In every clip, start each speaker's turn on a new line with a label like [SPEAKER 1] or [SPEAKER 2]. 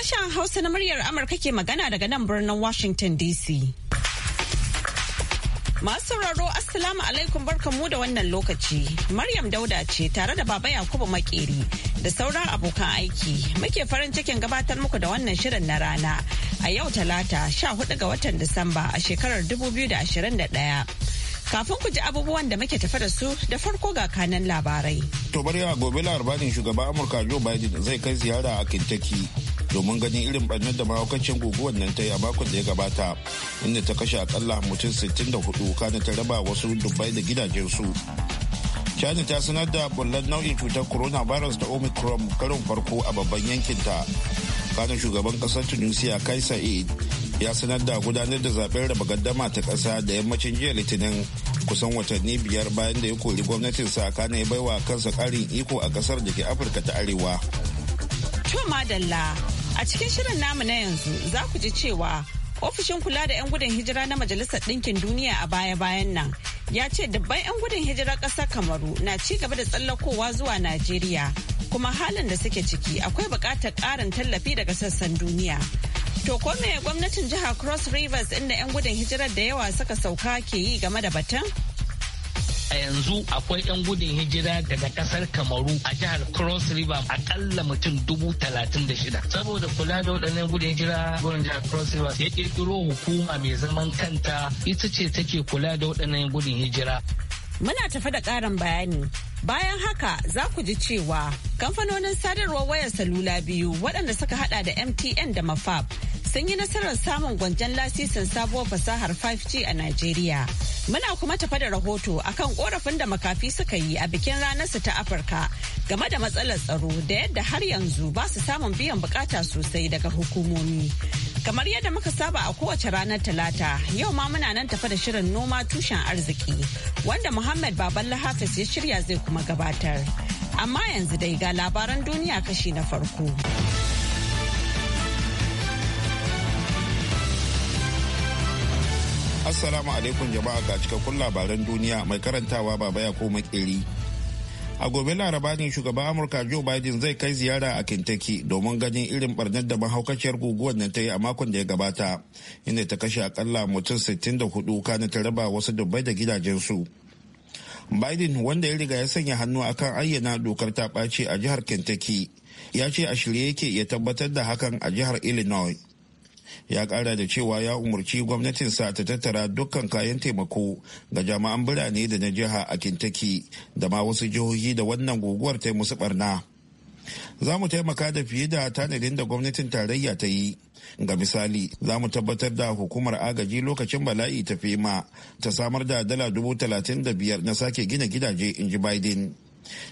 [SPEAKER 1] Sashen Hausa na muryar Amurka ke magana daga nan birnin Washington DC. Masu sauraro Assalamu alaikum barkanmu da wannan lokaci. Maryam Dauda ce tare da Baba Yakubu Makeri da sauran abokan aiki. Muke farin cikin gabatar muku da wannan shirin na rana a yau talata 14 ga watan Disamba a shekarar 2021. Kafin ku ji abubuwan da muke tafa da su da farko ga kanan labarai. To
[SPEAKER 2] bari gobe laraba shugaban Amurka Joe Biden zai kai ziyara a Kentucky domin ganin irin barnar da mahaukacin guguwar nan ta yi a makon da ya gabata inda ta kashe akalla mutum 64 kana ta raba wasu dubai da gidajensu china ta sanar da bullar nau'in cutar coronavirus da omicron karin farko a babban yankinta kanin shugaban kasar tunisia kai sa'id ya sanar da gudanar da zaben raba gaddama ta kasa da yammacin jiya litinin kusan watanni biyar bayan da ya kori gwamnatinsa kana ya baiwa kansa karin iko a kasar da ke afirka ta arewa.
[SPEAKER 1] A cikin shirin namu na yanzu za ku ji cewa ofishin kula da 'yan gudun hijira na Majalisar Ɗinkin Duniya a baya-bayan nan ya ce dabban 'yan gudun hijira ƙasar Kamaru na ci gaba da tsallakowa zuwa Najeriya kuma halin da suke ciki akwai buƙatar ƙarin tallafi daga sassan duniya. To ko me gwamnatin jihar Cross Rivers inda 'yan gudun hijirar da yawa suka sauka ke yi game da batun?
[SPEAKER 3] a yanzu akwai 'yan gudun hijira daga kasar kamaru a jihar cross river akalla mutum dubu talatin da shida saboda kula da waɗannan gudun hijira gudun jihar cross river ya ƙirƙiro hukuma mai zaman kanta ita ce take kula da waɗannan gudun hijira
[SPEAKER 1] Muna tafa da ƙarin bayani. Bayan haka za ku ji cewa kamfanonin sadarwar wayar salula biyu waɗanda suka hada da MTN da Mafab sun yi nasarar samun gwanjan lasisin sabuwar fasahar 5G a Najeriya. Muna kuma tafa da rahoto akan korafin da makafi suka yi a bikin ranarsu ta Afirka game da matsalar tsaro da yadda har yanzu ba su samun biyan bukata sosai daga hukumomi. Kamar yadda muka saba a kowace ranar Talata, yau ma muna nan tafa da shirin noma tushen arziki wanda Muhammad Baballa Hafiz ya shirya zai kuma gabatar. Amma yanzu dai ga labaran duniya kashi na farko.
[SPEAKER 2] Assalamu alaikum jama'a ga cikakkun labaran duniya mai karantawa baba ya koma makeri. A gobe laraba ne shugaban Amurka Joe Biden zai kai ziyara a Kentucky domin ganin irin barnar da mahaukaciyar guguwar da ta yi a makon da ya gabata, inda ta kashe akalla mutum 64 kana ta raba wasu dubbai da gidajensu. Biden wanda ya riga ya sanya hannu akan ayyana dokar ta ɓace a jihar Kentucky ya ce a shirye yake ya tabbatar da hakan a jihar Illinois ya kara da cewa ya umarci gwamnatin sa ta tattara dukkan kayan taimako ga jama'an birane da na jiha a kintaki da ma wasu jihohi da wannan guguwar ta musu barna za mu taimaka da fiye da tanadin da gwamnatin tarayya ta yi ga misali za mu tabbatar da hukumar agaji lokacin bala'i ta fema ta samar da dala dubu talatin da biyar na sake gina gidaje in ji biden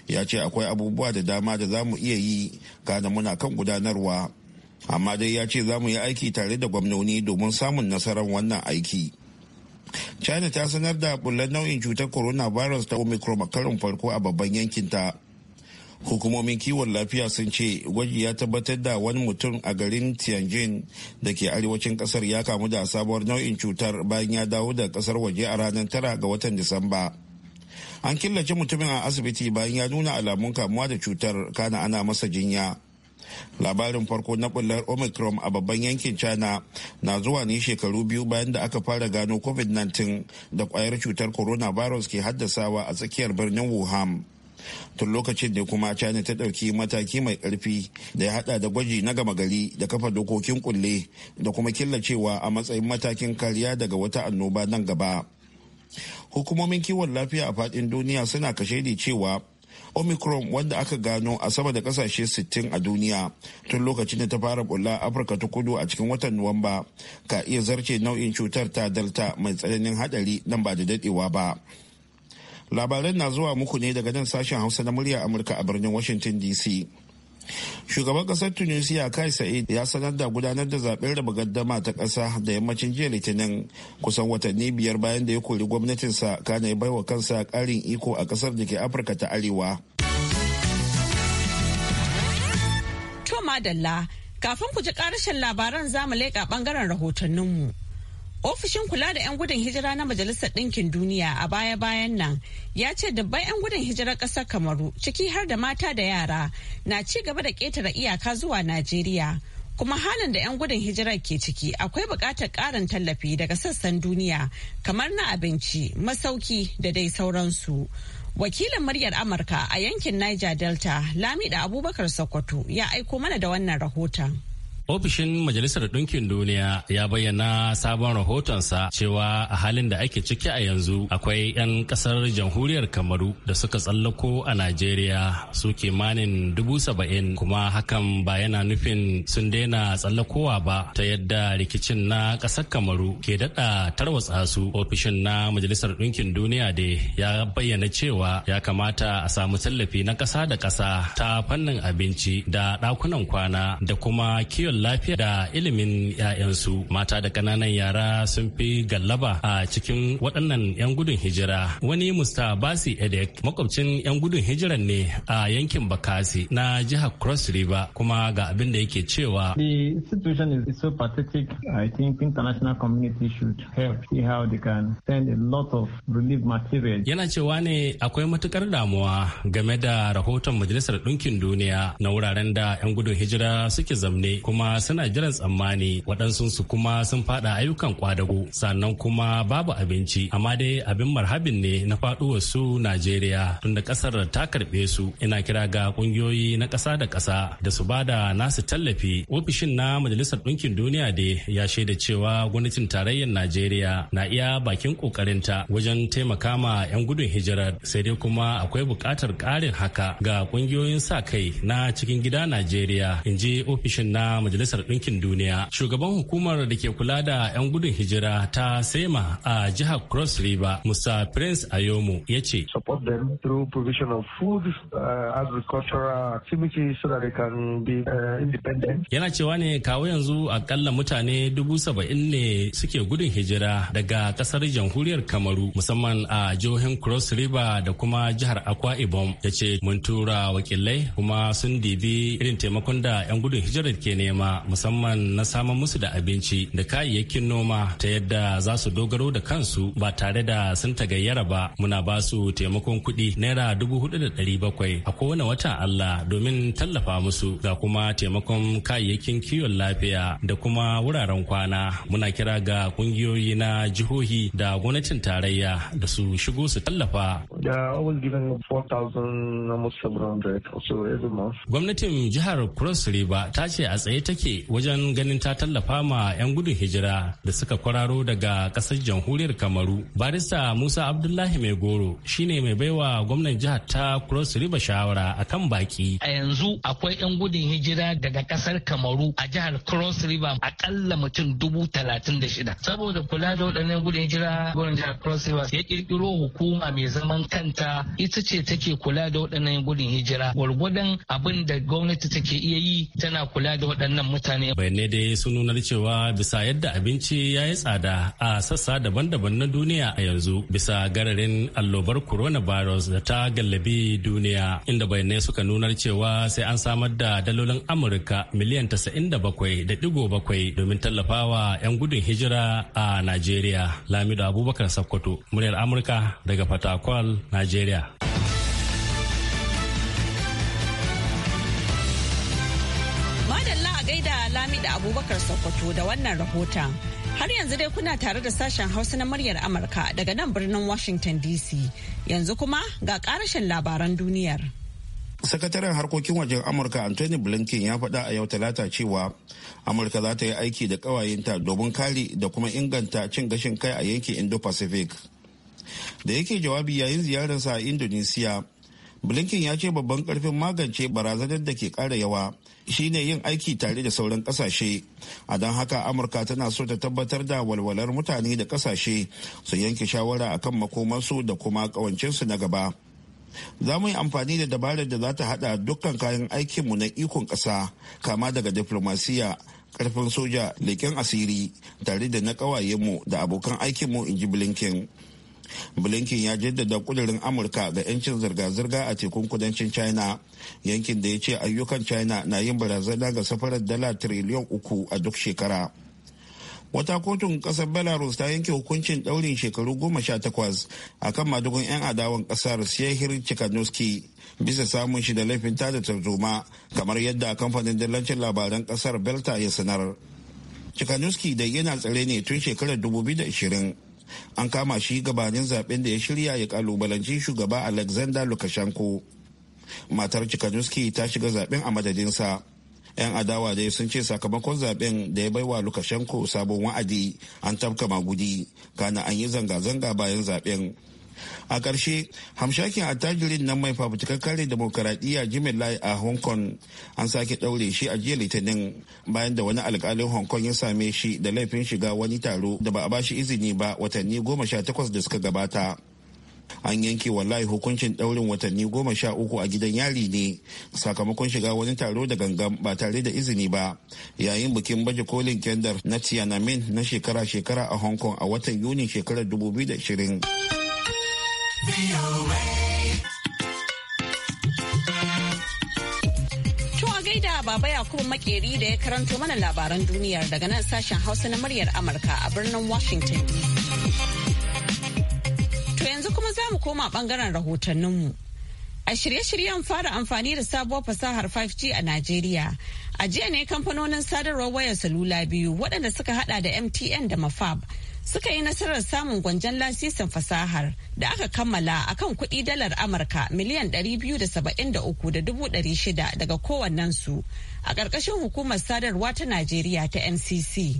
[SPEAKER 2] ya ce akwai abubuwa da dama da za mu iya yi kana muna kan gudanarwa amma dai ya ce za mu yi aiki tare da gwamnoni domin samun nasarar wannan aiki china ta sanar da bullar nau'in cutar coronavirus ta omicron a karin farko a babban yankinta hukumomin kiwon lafiya sun ce gwaji ya tabbatar da wani mutum a garin tianjin da ke arewacin kasar ya kamu da sabuwar nau'in cutar bayan ya dawo da kasar waje a ranar tara ga watan disamba an killace mutumin a asibiti bayan ya nuna alamun kamuwa da cutar kana ana masa jinya labarin farko na bullar omicron a babban yankin china na zuwa ne shekaru biyu bayan da aka fara gano covid-19 da kwayar cutar coronavirus ke haddasawa a tsakiyar birnin wuhan tun lokacin da kuma china ta ɗauki mataki mai ƙarfi da ya hada da gwaji na gama gari da kafa dokokin kulle da kuma killacewa a matsayin matakin kariya daga wata annoba nan gaba hukumomin kiwon lafiya a faɗin duniya suna kashedi cewa omicron wanda aka gano a sama da kasashe 60 a duniya tun lokacin da ta fara bulla afirka ta kudu a cikin watan nuwamba ka iya zarce nau'in cutar ta delta mai tsananin hadari nan ba da dadewa ba labaran na zuwa muku ne daga nan sashen hausa na murya amurka a birnin washington dc shugaban kasar tunisia kai sa'id ya sanar da gudanar da zaben raba gaddama ta kasa da yammacin jiya litinin kusan watanni biyar bayan da ya kori gwamnatinsa kana baiwa kansa karin iko a kasar da ke afirka ta arewa
[SPEAKER 1] to madalla kafin ku ji karashin labaran zamu leƙa ɓangaren rahotanninmu. mu Ofishin kula da 'yan gudun hijira na Majalisar Ɗinkin Duniya a baya-bayan nan ya ce dubban 'yan gudun hijirar ƙasar Kamaru ciki har da mata da yara na ci gaba da ƙetare iyaka zuwa Najeriya. Kuma halin da 'yan gudun hijirar ke ciki akwai buƙatar ƙarin tallafi daga sassan duniya kamar na abinci, masauki da dai sauransu. Wakilin muryar Amurka a yankin Niger Delta, Lamida Abubakar Sokoto ya aiko mana da wannan rahoton.
[SPEAKER 4] Ofishin Majalisar Ɗinkin Duniya ya bayyana sabon rahotonsa cewa a halin da ake ciki a yanzu akwai 'yan ƙasar jamhuriyar Kamaru da suka tsallako a Najeriya su kimanin dubu saba'in kuma hakan ba yana nufin sun daina tsallakowa ba ta yadda rikicin na ƙasar Kamaru ke daɗa tarwatsa su. Ofishin na Majalisar Ɗinkin Duniya da ya bayyana cewa ya kamata a samu tallafi na ƙasa da ƙasa ta fannin abinci da ɗakunan kwana da kuma kiyon lafiya da ilimin 'ya'yansu mata da ƙananan yara sun fi gallaba a cikin waɗannan 'yan gudun hijira wani musta basi edek makwabcin 'yan gudun hijiran ne a yankin bakasi na jihar cross river kuma ga abin da yake cewa
[SPEAKER 5] the situation
[SPEAKER 6] is so pathetic i think international community should help see how they can send a
[SPEAKER 4] lot of relief material yana cewa ne akwai matukar damuwa game da rahoton majalisar ɗinkin duniya na wuraren da 'yan gudun hijira suke zamne kuma suna jiran tsammani waɗansunsu kuma sun fada ayyukan kwadago sannan kuma babu abinci amma dai abin marhabin ne na faduwar su najeriya tunda ƙasar ta karɓe su ina kira ga ƙungiyoyi na ƙasa da ƙasa da su bada nasu tallafi ofishin na majalisar ɗinkin duniya da ya shaida cewa gwamnatin tarayyar najeriya na iya bakin ƙoƙarinta wajen taimaka ma 'yan gudun hijirar sai dai kuma akwai buƙatar ƙarin haka ga ƙungiyoyin sa kai na cikin gida najeriya in ji ofishin na majalisar majalisar ɗinkin duniya shugaban hukumar da ke kula da 'yan gudun hijira ta sema a jihar cross river musa prince ayomu ya ce support them through provision of food uh, agricultural activities so that they can be uh, independent yana cewa ne kawo yanzu akalla mutane dubu saba'in ne suke gudun hijira daga kasar jamhuriyar kamaru musamman a jihohin cross river da kuma jihar akwa ibom ya ce mun tura wakilai kuma sun dibi irin taimakon da 'yan gudun hijirar ke nema al'umma musamman na samun musu da abinci da kayayyakin noma ta yadda za su dogaro da kansu ba tare da sun tagayyara ba muna ba su taimakon kuɗi naira dubu hudu da ɗari bakwai a kowane watan Allah domin tallafa musu ga kuma taimakon kayayyakin kiwon lafiya da kuma wuraren kwana muna kira ga ƙungiyoyi na jihohi da gwamnatin tarayya da su shigo su tallafa. Gwamnatin jihar Cross River ta ce a tsaye take wajen ganin ta tallafa ma 'yan gudun hijira da suka kwararo daga kasar jamhuriyar Kamaru. Barista Musa Abdullahi Mai Goro shine mai baiwa gwamnan jihar ta Cross River shawara a kan baki.
[SPEAKER 3] A yanzu akwai 'yan gudun hijira daga kasar Kamaru a jihar Cross River akalla mutum dubu talatin da shida.
[SPEAKER 6] Saboda kula da waɗannan gudun
[SPEAKER 3] hijira gwamnan jihar Cross River ya kirkiro hukuma mai zaman kanta ita ce take kula da waɗannan gudun hijira. Gwargwadon
[SPEAKER 4] abin da gwamnati take iya yi tana kula da waɗannan waɗannan mutane. Bayanai dai sun nuna cewa bisa yadda abinci ya yi tsada a sassa daban-daban na duniya a yanzu bisa gararin allobar coronavirus da ta gallabi duniya inda bayanai suka nuna cewa sai an samar da dalolin Amurka miliyan 97.7 domin tallafawa 'yan gudun hijira a Najeriya. Lamido Abubakar Sakkwato, muryar Amurka daga Fatakwal, Najeriya.
[SPEAKER 1] Abubakar Sokoto da wannan rahoton. Har yanzu dai kuna tare da sashen Hausa na muryar Amurka daga nan birnin Washington DC. Yanzu kuma ga karashin labaran duniyar.
[SPEAKER 2] Sakataren harkokin wajen Amurka Anthony Blinken ya faɗa a yau talata cewa Amurka za ta yi aiki da ƙawayenta domin kare da kuma inganta cin gashin kai a yankin Indo-Pacific. Da yake jawabi yayin ziyararsa a Indonesia. blinken ya ce babban karfin magance barazanar da ke kara yawa shine yin aiki tare da sauran kasashe a don haka amurka tana so ta tabbatar da walwalar mutane da kasashe su yanke shawara akan makomansu da kuma kawancinsu na gaba za mu yi amfani da dabarar da za ta hada dukkan kayan aikinmu na ikon ƙasa kama daga diplomasiya karfin soja leƙen asiri tare da na ƙawayenmu da abokan aikinmu in ji blinken blinken ya jaddada kudirin amurka ga 'yancin zirga-zirga a tekun kudancin china yankin da ya ce ayyukan china na yin barazana ga safarar dala tiriliyan uku a duk shekara wata kotun kasar belarus ta yanke hukuncin daurin shekaru goma sha takwas a kan madugun 'yan adawan kasar sehir chikanuski bisa samun shi da laifin tada tarzoma kamar yadda kamfanin dillancin labaran kasar belta ya sanar chikanuski da yana tsare ne tun shekarar 2020 an kama shi gabanin zaben da ya shirya ya kalubalanci shugaba alexander lukashenko matar chikanuski ta shiga zaben a madadinsa 'yan adawa dai sun ce sakamakon zaben da ya baiwa lukashenko sabon wa'adi an tafka magudi kana an yi zanga-zanga bayan zaben a ƙarshe hamshakin a tajirin nan mai fafutukar kare demokaradiyya jimin lai a hong kong an sake ɗaure shi a jiya litinin bayan da wani alƙalin hong kong ya same shi da laifin shiga wani taro da ba a ba shi izini ba watanni goma sha takwas da suka gabata an yanke wallahi hukuncin ɗaurin watanni goma sha uku a gidan yari ne sakamakon shiga wani taro da gangan ba tare da izini ba yayin bikin baje kolin kendar na tiananmen na shekara-shekara a hong kong a watan yuni shekarar 2020
[SPEAKER 1] gaida baba yakubu makeri da ya karanto mana labaran duniyar daga nan sashen hausa na muryar amurka a birnin washington to yanzu kuma za mu koma bangaren rahotanninmu a shirye-shiryen fara amfani da sabuwar fasahar 5G a Najeriya. A jiya ne kamfanonin sadarwar wayar salula biyu waɗanda suka hada da MTN da Mafab suka yi nasarar samun gwanjan lasisin fasahar da aka kammala a kan kuɗi dalar amurka miliyan 273,600 daga kowannensu a ƙarƙashin hukumar sadarwa ta najeriya ta ncc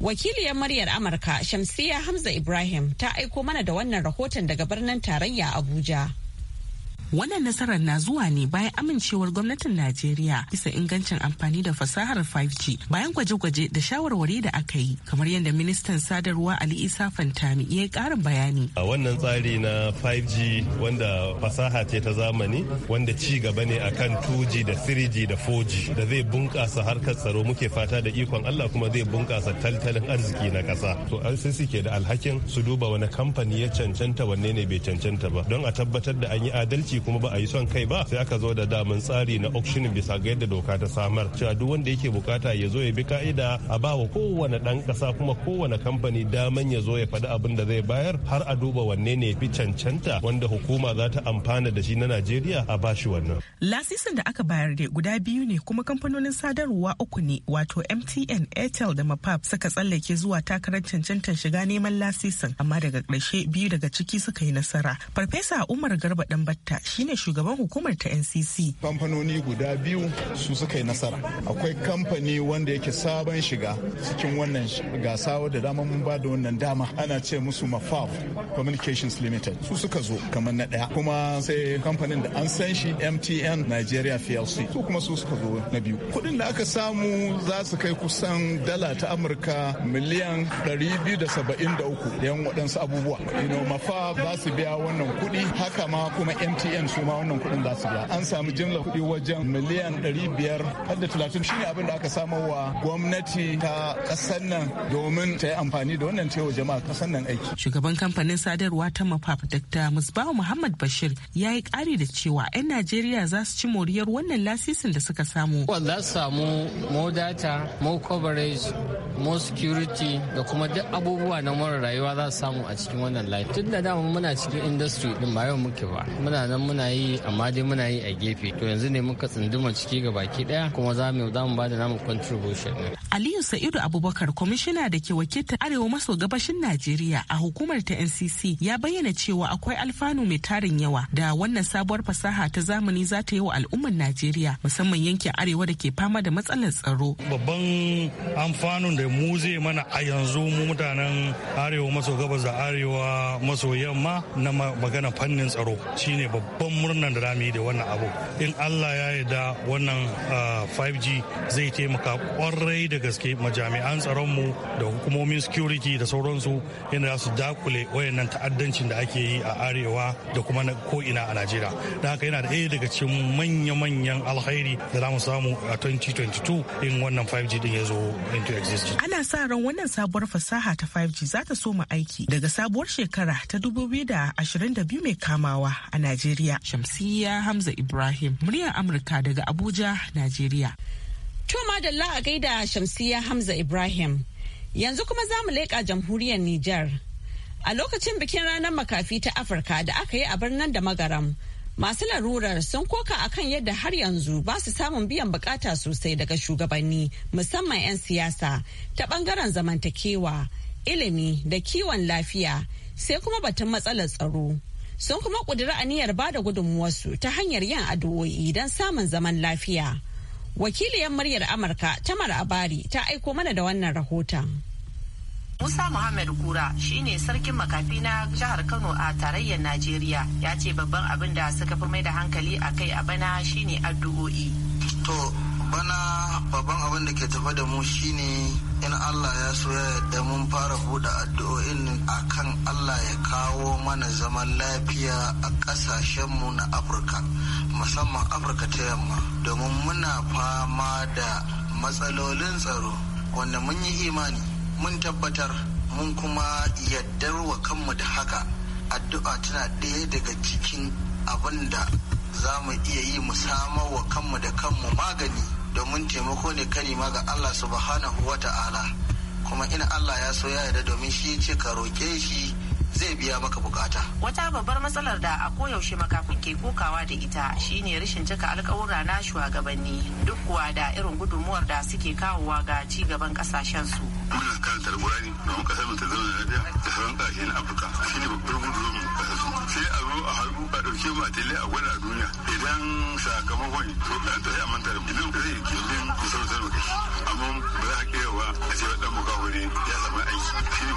[SPEAKER 1] wakiliyar muryar amurka shamsiya hamza ibrahim ta aiko mana da wannan rahoton daga birnin tarayya abuja
[SPEAKER 7] Wannan nasarar na zuwa ne bayan amincewar gwamnatin Najeriya bisa ingancin amfani da fasahar 5G bayan gwaje-gwaje da shawarwari da aka yi kamar yadda ministan sadarwa Ali Isa Fantami ya karin bayani.
[SPEAKER 8] A wannan tsari na 5G wanda fasaha ce ta zamani wanda ci gaba ne akan 2G da 3G da 4G da zai bunƙasa harkar tsaro muke fata da ikon Allah kuma zai bunkasa tattalin arziki na ƙasa. To Al-Sisi ke da alhakin su duba wani kamfani ya cancanta wanne ne bai cancanta ba don a tabbatar da an yi adalci kuma ba a yi son kai ba sai aka zo da daman tsari na auction bisa ga yadda doka ta samar cewa duk wanda yake bukata ya zo ya bi ka'ida a ba wa kowane dan kasa kuma kowane kamfani daman ya zo ya faɗi abin da zai bayar har a duba wanne ne fi cancanta wanda hukuma za ta amfana da shi na Najeriya a bashi wannan.
[SPEAKER 7] Lasisin da aka bayar da guda biyu ne kuma kamfanonin sadarwa uku ne wato MTN, Airtel da Mapap suka tsallake zuwa takarar cancantar shiga neman lasisin amma daga karshe biyu daga ciki suka yi nasara. Farfesa Umar Garba Danbatta shine shugaban hukumar ta ncc
[SPEAKER 8] kamfanoni guda biyu su suka yi nasara akwai kamfani wanda yake sabon shiga cikin wannan gasa wadda dama mun ba da wannan dama ana ce musu mafaf communications limited su suka zo kamar na daya kuma sai kamfanin da an san shi mtn nigeria plc su kuma su suka zo na biyu kudin da aka samu za su kai kusan dala ta amurka miliyan 273 yan waɗansu abubuwa mafaf za su biya wannan kuɗi haka ma kuma mtn miliyan su ma wannan kuɗin za su biya an samu jimla kuɗi wajen miliyan ɗari biyar har shine abin da aka samu wa gwamnati ta ƙasar nan domin ta yi amfani da wannan cewa jama'a ƙasar nan aiki.
[SPEAKER 7] Shugaban kamfanin sadarwa ta Mafaf Dr. Musbahu Muhammad Bashir ya yi ƙari da cewa 'yan Najeriya za su ci moriyar wannan lasisin da suka samu. Za su samu mo data, mo coverage,
[SPEAKER 3] mo security da kuma duk abubuwa na mara rayuwa za su samu a cikin wannan life. Tun da dama muna cikin industry din ba yau muke ba. Muna nan muna yi amma dai muna yi a gefe to yanzu ne muka tsunduma ciki ga baki daya kuma za mu za mu ba namu contribution
[SPEAKER 7] Aliyu Sa'idu Abubakar kwamishina da ke wakiltar Arewa maso gabashin Najeriya a hukumar ta NCC ya bayyana cewa akwai alfanu mai tarin yawa da wannan sabuwar fasaha ta zamani za ta yi wa al'ummar Najeriya musamman yankin Arewa da ke fama da matsalar tsaro.
[SPEAKER 6] Babban amfanin da mu zai mana a yanzu mu mutanen Arewa maso gabas da Arewa maso yamma na magana fannin tsaro shine babban babban murnan da zamu yi da wannan abu in allah ya yarda wannan 5g ah, zai taimaka kwarai da gaske majami'an tsaronmu da hukumomin security da sauransu yana za su dakule wayannan ta'addancin da ake yi a arewa da kuma ko'ina a najeriya da haka yana da ɗaya daga cikin manya-manyan alkhairi da za mu samu a 2022 in wannan 5g din ya zo into existence
[SPEAKER 7] ana sa ran wannan sabuwar fasaha ta 5g za ta soma aiki daga sabuwar shekara ta 2022 mai kamawa a najeriya Najeriya. Shamsiyya Hamza Ibrahim, muryar Amurka daga Abuja, Najeriya.
[SPEAKER 1] To madalla a gaida Shamsiyya Hamza Ibrahim. Yanzu kuma za mu leƙa jamhuriyar Nijar. A lokacin bikin ranar makafi ta Afirka da aka yi a birnin da magaram, masu larurar sun koka akan yadda har yanzu ba su samun biyan bukata sosai daga shugabanni musamman 'yan siyasa ta bangaren zamantakewa, ilimi da kiwon lafiya sai kuma batun matsalar tsaro. sun kuma ƙudiri aniyar ba da gudunmuwarsu ta hanyar yin addu'o'i don samun zaman lafiya. Wakiliyar muryar Amurka Tamar Abari ta aiko mana da wannan rahoton.
[SPEAKER 9] Musa Muhammad Kura shi ne sarkin makafi na jihar Kano a tarayyar Najeriya ya ce babban abin da suka fi mai da hankali a kai a bana shi ne addu'o'i.
[SPEAKER 6] To bana babban abin da ke tafa da mu shine in Allah ya so ya yarda mun fara buɗe addu'o'in akan Allah ya kawo mana zaman lafiya a ƙasashenmu na Afirka musamman Afirka ta yamma domin muna fama da matsalolin tsaro wanda mun yi imani mun tabbatar mun kuma yaddar wa kanmu da haka addu'a tana ɗaya daga cikin abin da za mu iya yi mu samar wa kanmu da kanmu magani domin taimako ne kani ma ga Allah subhanahu wa ta'ala kuma in Allah ya so ya yarda domin shi ce ka roƙe shi zai biya maka bukata.
[SPEAKER 9] Wata babbar matsalar da a koyaushe makafin ke kokawa da ita shine rashin cika alkawura na shugabanni duk kuwa da irin gudunmuwar da suke kawowa ga ci gaban kasashen su.
[SPEAKER 8] Muna karanta alkurani domin kasar mu ta zauna lafiya da sauran kasashen Afirka shine babbar gudunmuwar sai a zo a harbu a ɗauke mu a tele a gwada duniya idan sakamakon ɗan ta sai a manta da idan zai killin kusan kusan da kashi amma ba za a kira ba a ce ɗan muka wuri ya samu aiki shi ne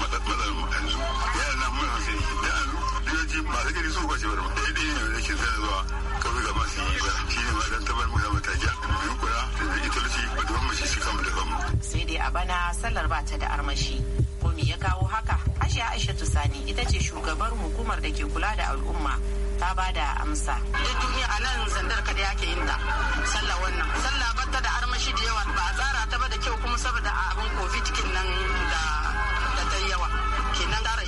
[SPEAKER 8] babban matsalar mu yanzu ya na mun sai da an yaji ba su gani su kwace ba ɗaya ɗaya ne da ke zai zuwa kawai ga masu yi ba shi ne ma dan tabar mu da matakiya mu kula da italci ba da wani shi kan mu da kan mu.
[SPEAKER 9] sai dai a bana sallar ba ta da armashi ko me ya kawo haka Hajiya aisha Sani ita ce shugabar hukumar da ke kula da al'umma ta ba da amsa. Duk duniya a nan zandar ka da yake yin da sallah wannan. Sallah batta da armashi da yawa ba a tsara ta ba da kyau kuma saboda abin covid kin nan da ta yawa. Kenan gara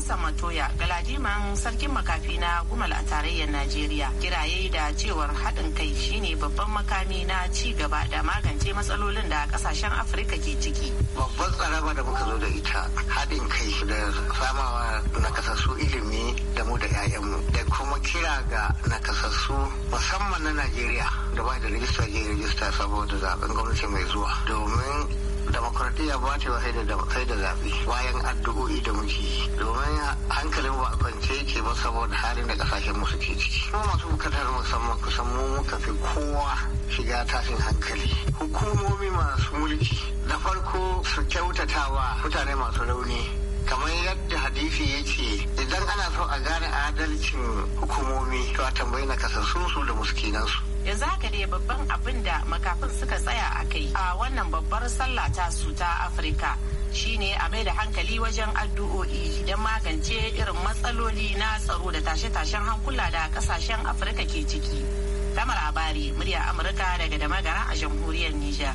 [SPEAKER 9] Hassan Matoya galadiman sarkin makafi na gumal a tarayyar Najeriya kiraye da cewar haɗin kai shine babban makami na ci gaba da magance matsalolin da ƙasashen Afirka ke ciki.
[SPEAKER 3] Babban tsaraba da muka zo da ita haɗin kai da samawa nakasassu ilimi da mu da 'ya'yanmu da kuma kira ga nakasassu musamman na Najeriya da ba da rijista je rijista saboda zaben gwamnati mai zuwa domin demokradiyya ba ta sai da zaɓe bayan addu'o'i da muke domin hankalin ba a kwance yake ba saboda halin da kasashen mu suke ciki kuma masu bukatar musamman kusan mu muka fi kowa shiga tashin hankali hukumomi masu mulki na farko su kyautatawa mutane masu rauni kamar yadda hadisi ya ce idan ana so a gane adalcin hukumomi to a tambayi na kasassun su da muskinansu.
[SPEAKER 9] yanzu haka ne babban abin da makafin suka tsaya a kai a wannan babbar sallah ta su ta afirka shine a mai da hankali wajen addu'o'i don magance irin matsaloli na tsaro da tashe-tashen hankula da kasashen afirka ke ciki tamar labari murya amurka daga da magana a jamhuriyar nijar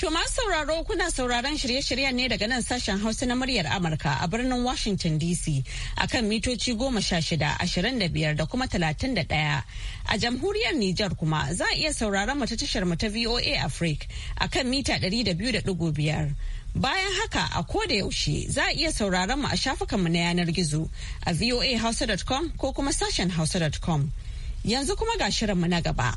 [SPEAKER 1] To masu sauraro kuna sauraron shirye-shiryen ne daga nan sashen Hausa na muryar Amurka a birnin Washington DC akan mitoci goma sha shida, ashirin da biyar da kuma talatin da ɗaya. A jamhuriyar Nijar kuma za a iya sauraron mu ta tashar mu ta VOA Africa akan mita ɗari da biyu da ɗigo biyar. Bayan haka a ko da yaushe za a iya sauraron mu a mu na yanar gizo a voahausa.com ko kuma sashen hausa.com. Yanzu kuma ga shirinmu na gaba.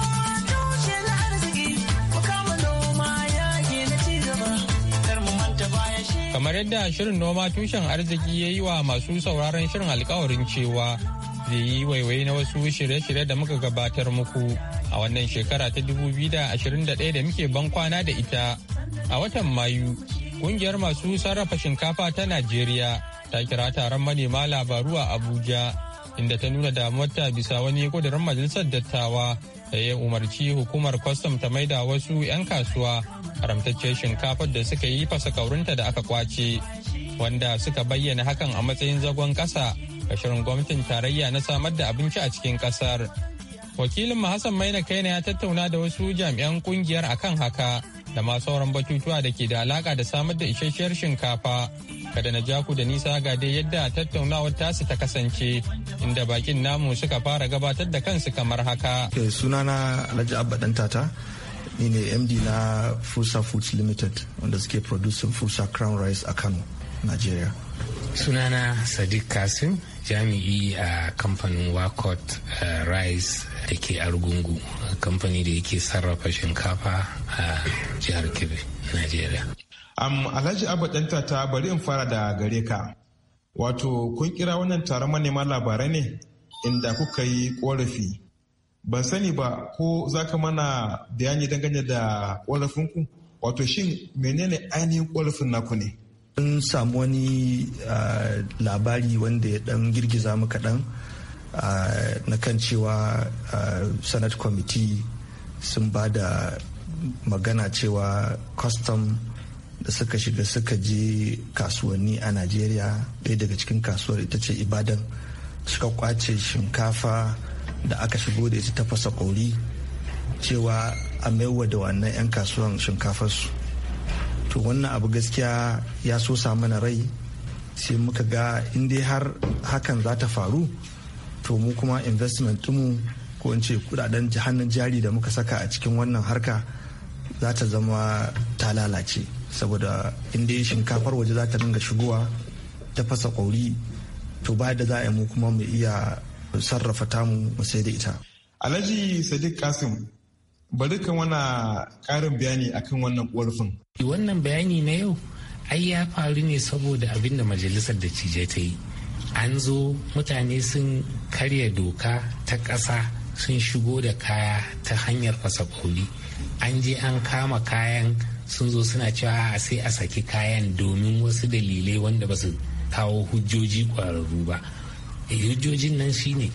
[SPEAKER 5] kamar yadda shirin noma tushen arziki ya yi wa masu sauraron shirin alkawarin cewa zai yi waiwaye na wasu shirye-shirye da muka gabatar muku a wannan shekara ta 2021 da muke ban kwana da ita a watan mayu kungiyar masu sarrafa shinkafa ta najeriya ta kira taron manema labaru a abuja inda ta nuna damuwarta bisa wani kudurin majalisar dattawa da ya umarci hukumar kwastam ta maida wasu 'yan kasuwa haramtaccen shinkafar da suka yi fasa kaurinta da aka kwace wanda suka bayyana hakan a matsayin zagon ƙasa a shirin gwamnatin tarayya na samar da abinci a cikin ƙasar. wakilin mu hassan maina kaina ya tattauna da wasu jami'an kungiyar akan haka da ma sauran batutuwa da ke da alaka da samar da isasshiyar shinkafa Kada na ja ku da nisa ga dai yadda tattaunawar tasu ta kasance inda bakin namu suka fara gabatar da kansu kamar haka.
[SPEAKER 6] Eh, sunana Alhaji Abba tata ni ne md na fusa foods limited wanda suke producing fusa crown rice a kano nigeria
[SPEAKER 3] sunana
[SPEAKER 6] sadiq kasim jami'i
[SPEAKER 3] a kamfanin wakot eh, rice da ke argungu kamfani da yake sarrafa shinkafa a jihar kebbi
[SPEAKER 8] nigeria Am Alhaji Abba danta ta bari in fara da gare ka. Wato kun kira wannan taron manema labarai ne inda kuka yi korafi Ban sani ba ko za ka mana bayani dangane da ƙorafinku? Wato shin menene ainihin ƙorafin naku ne? an samu wani labari wanda ya dan girgiza mu
[SPEAKER 6] kaɗan na kan cewa Senate Committee sun ba da magana cewa custom da suka shiga suka je kasuwanni a najeriya ɗaya daga cikin kasuwar ita ce ibadan suka kwace shinkafa da aka shigo da ita ta fasa ƙauri cewa a maiwa da wannan 'yan kasuwan shinkafarsu to wannan abu gaskiya ya so mana rai sai muka ga in dai har hakan za ta faru to mu kuma investment mu ko in ce kudaden hannun jari da muka saka a cikin wannan harka za ta zama ta lalace saboda inda shinkafar waje za ta dinga shigowa ta fasa kwauri to ba da za a yi mu kuma mu
[SPEAKER 8] iya sarrafa tamu mu sai da ita. Alhaji Sadiq Kasim bari ka wana karin bayani akan wannan korafin. Wannan bayani na yau
[SPEAKER 3] ai ya faru ne saboda abin da majalisar da cije ta yi. An zo mutane sun karya doka ta ƙasa sun shigo da kaya ta hanyar fasa kwauri. An je an kama kayan sun zo suna cewa a sai a saki kayan domin wasu dalilai wanda ba su kawo hujjoji kwararru ba eh, hujjojin nan shine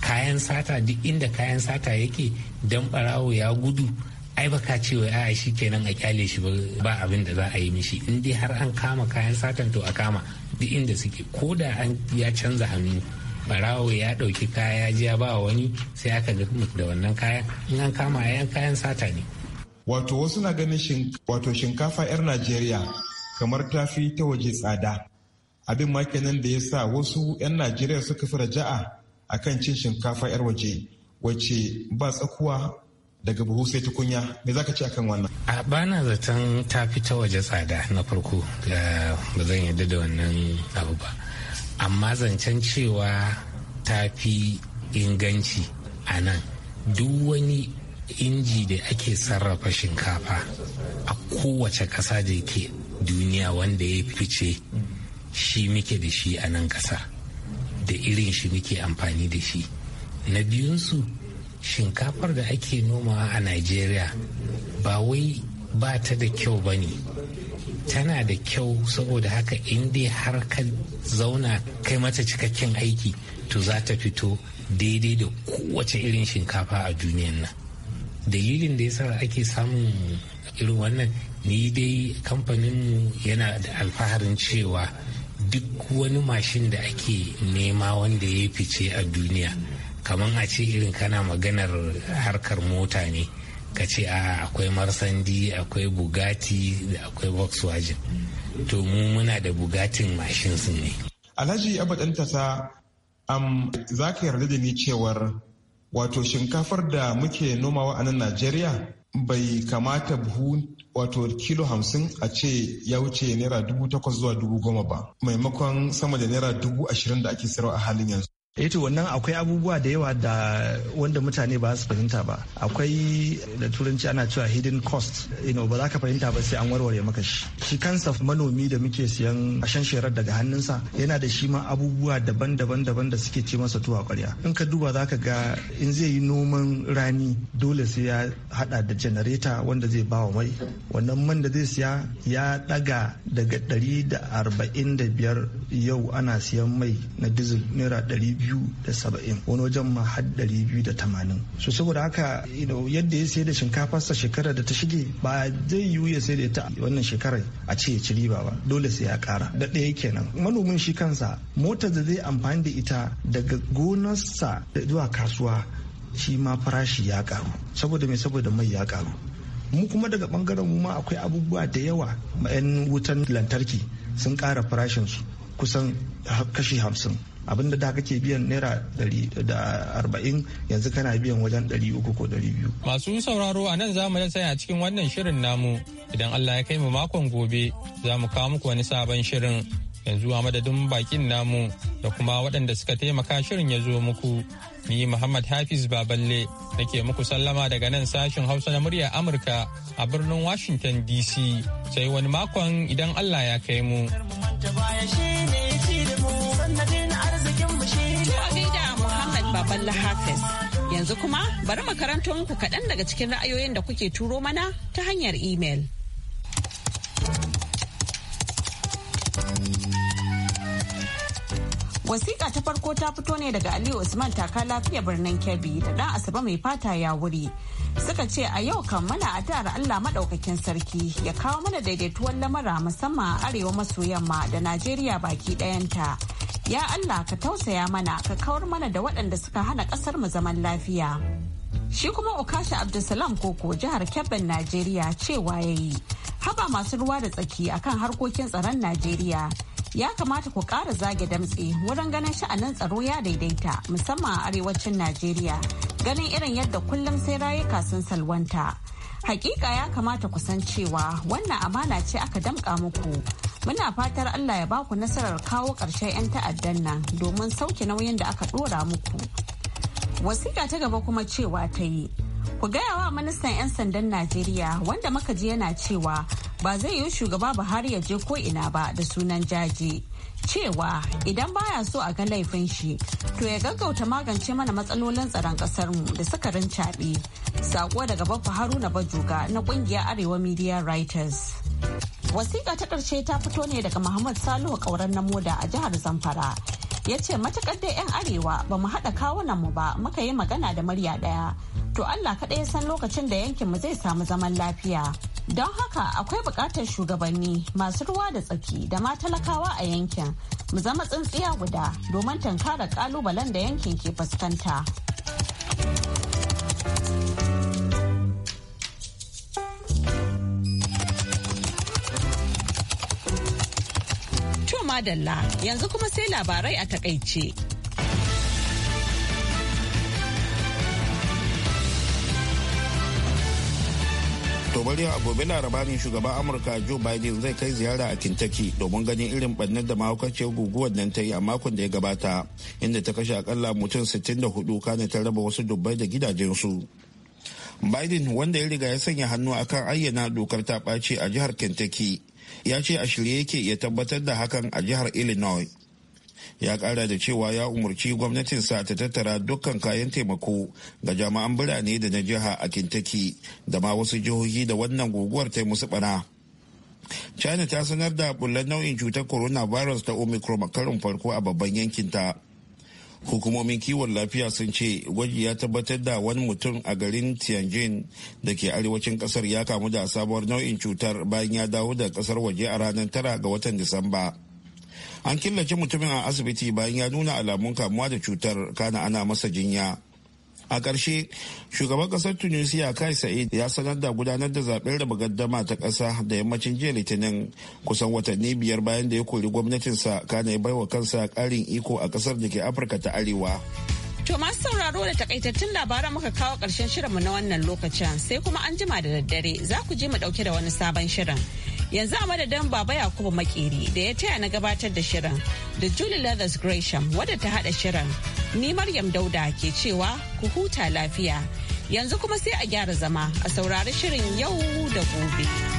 [SPEAKER 3] kayan sata duk inda kayan sata yake dan barawo ya gudu ai baka cewa a shi kenan a kyale shi ba abin da za a yi mishi in dai har an kama kayan satan to a kama duk inda suke ko da an ya canza hannu barawo ya ɗauki kaya ya ba wani sai aka ga da wannan kayan in an kama yan kayan
[SPEAKER 8] sata ne wato wasu na ganin wato shinkafa 'yar najeriya kamar ta fi ta waje tsada abin ma kenan da ya sa wasu 'yan najeriya suka fi raja'a akan cin shinkafa 'yar waje wacce ba tsakuwa daga buhu sai tukunya me zaka ce akan wannan
[SPEAKER 3] a bana zaton ta fi ta waje tsada na farko ba zan yadda da wannan abu ba amma zancen cewa ta fi inganci a nan duk wani inji da ake sarrafa shinkafa a kowace ƙasa da ke duniya wanda ya fice shi muke da shi a nan ƙasa da irin shi muke amfani da shi na biyunsu shinkafar da ake nomawa a nigeria ba wai ba ta da kyau ba ne tana da kyau saboda haka in dai har ka zauna kai mata cikakken aiki to za ta fito daidai da kowace irin shinkafa a duniyan nan dalilin da yasa ake samun irin wannan ni dai kamfaninmu yana da alfaharin cewa duk wani mashin da ake nema wanda ya fice a duniya kamar a ce irin kana maganar harkar mota ne ka ce a akwai marsandi akwai bugatti da akwai volkswagen to mu muna da bugatin mashin sun ne
[SPEAKER 8] alhaji abadan ta za ka yarda da ni cewar wato shinkafar da muke nomawa a nan najeriya bai kamata buhu wato kilo hamsin a ce ya wuce naira dubu takwas zuwa dubu goma ba maimakon sama da naira dubu ashirin da ake sayarwa a halin yanzu eh wannan akwai abubuwa da yawa da wanda mutane ba su fahimta ba akwai
[SPEAKER 6] da turanci ana cewa hidden cost you ba za ka fahimta ba sai an warware maka shi shi kansa manomi da muke siyan ashen sherar daga hannunsa yana da shi ma abubuwa daban-daban daban da suke ce masa tuwa kwarya in ka duba za ka ga in zai yi noman rani dole sai ya hada da janareta wanda zai ba wa mai wannan man da zai siya ya daga daga biyar yau ana siyan mai na diesel naira da saba'in wani wajen ma har 280 so saboda haka yadda ya sayar da shinkafarsa shekarar da ta shige ba zai yiwu ya sayar da ta wannan shekarar a ce ya ci riba ba dole sai ya kara da ɗaya kenan manomin shi kansa motar da zai amfani da ita daga gonarsa zuwa kasuwa shi ma farashi ya karu saboda mai saboda mai ya karu mu kuma daga bangaren mu ma akwai abubuwa da yawa yan wutan lantarki sun kara farashin su kusan kashi hamsin abinda da kake biyan naira da arba'in yanzu kana biyan wajen 300 uku ko 200
[SPEAKER 5] masu sauraro a nan zamu saya a cikin wannan shirin namu idan allah ya kai mu makon gobe za mu kawo muku wani sabon shirin yanzu a madadin bakin namu da kuma waɗanda suka taimaka shirin ya zo muku ni muhammad hafiz baballe nake muku sallama daga nan sashin hausa na murya amurka a birnin washington dc sai wani makon idan allah ya kai mu.
[SPEAKER 1] Baban Lahafes. Yanzu kuma bari makarantunku kaɗan daga cikin ra'ayoyin da kuke turo mana ta hanyar imel. Wasiƙa ta farko ta fito ne daga Aliyu Usman taka lafiya birnin Kebbi da ɗan Asabe mai fata ya wuri. Suka ce a yau kan mana a tara Allah maɗaukakin sarki ya kawo mana daidaituwan lamara musamman a arewa maso yamma da Najeriya baki ɗayanta. Ya Allah ka tausaya mana ka kawar mana da waɗanda suka hana ƙasar mu zaman lafiya. Shi kuma Okasha Abdulsalam Koko jihar Kebbin Najeriya cewa ya yi. Haba masu ruwa da tsaki akan harkokin tsaron Najeriya. Ya kamata ku ƙara zage damtse wurin ganin sha'anin tsaro ya daidaita musamman a arewacin Najeriya. Ganin irin yadda kullum sai rayuka sun salwanta. Hakika ya kamata ku san cewa wannan amana ce aka damƙa muku. Muna fatar Allah ya baku nasarar kawo ƙarshen 'yan ta'addan nan domin sauke nauyin da aka ɗora muku. Wasiƙa ta gaba kuma cewa ta yi. Ku gaya wa ministan 'yan sandan Najeriya wanda muka ji yana cewa ba zai yi shugaba Buhari ya je ko ina ba da sunan jaje. cewa idan baya so a ga laifin shi to ya gaggauta magance mana matsalolin tsaron mu da sukarin caɓe. sako daga babba haruna bajuga na ƙungiyar arewa media writers wasiƙa ta ƙarshe ta fito ne daga muhammad salihu ƙauren na moda a jihar zamfara ya ce matuƙar da 'yan arewa ba mu haɗa kawunan mu ba muka yi magana da murya ɗaya to allah kaɗai ya san lokacin da yankinmu zai samu zaman lafiya Don haka akwai buƙatar shugabanni masu ruwa da tsaki da ma talakawa a yankin mu zama tsintsiya guda domin tankara ƙalubalen da yankin ke fuskanta. madalla yanzu kuma sai labarai a takaice.
[SPEAKER 2] to yau a gobe laraba ne shugaban amurka joe biden zai kai ziyara a kentucky domin ganin irin bannin da mahaukaciyar guguwar nan ta yi a makon da ya gabata inda ta kashe akalla mutum 64 kane ta raba wasu dubbai da gidajensu biden wanda ya riga ya sanya hannu akan ayyana dokar ta ɓace a jihar kentucky ya ce a shirye yake ya tabbatar da hakan a jihar illinois ya kara da cewa ya umarci gwamnatin sa ta tattara dukkan kayan taimako ga jami'an birane da na jiha a kintaki da ma wasu jihohi da wannan guguwar ta musu bana china ta sanar da bullar nau'in cutar coronavirus ta omicron karin farko a babban yankin ta hukumomin kiwon lafiya sun ce gwaji ya tabbatar da wani mutum a garin tianjin da ke arewacin kasar ya kamu da sabuwar nau'in cutar bayan ya dawo da kasar waje a ranar tara ga watan disamba an killace mutumin a asibiti bayan ya nuna alamun kamuwa da cutar kana ana masa jinya a ƙarshe shugaban ƙasar tunisia kai sa'id ya sanar da gudanar da zaɓen raba gaddama ta ƙasa da yammacin jiya litinin kusan watanni biyar bayan da ya kori gwamnatinsa kana ya baiwa kansa ƙarin iko a ƙasar da ke afirka ta arewa
[SPEAKER 1] To masu sauraro da takaitattun labaran muka kawo ƙarshen shirinmu na wannan lokacin sai kuma an jima da daddare za ku je mu ɗauke da wani sabon shirin. Yanzu a madadin Baba Yakubu Makeri da ya taya na gabatar da shirin da Julie Leathers Gresham wadda ta haɗa shirin. Ni Maryam Dauda ke cewa ku huta lafiya. Yanzu kuma sai a gyara zama a saurari shirin yau da gobe.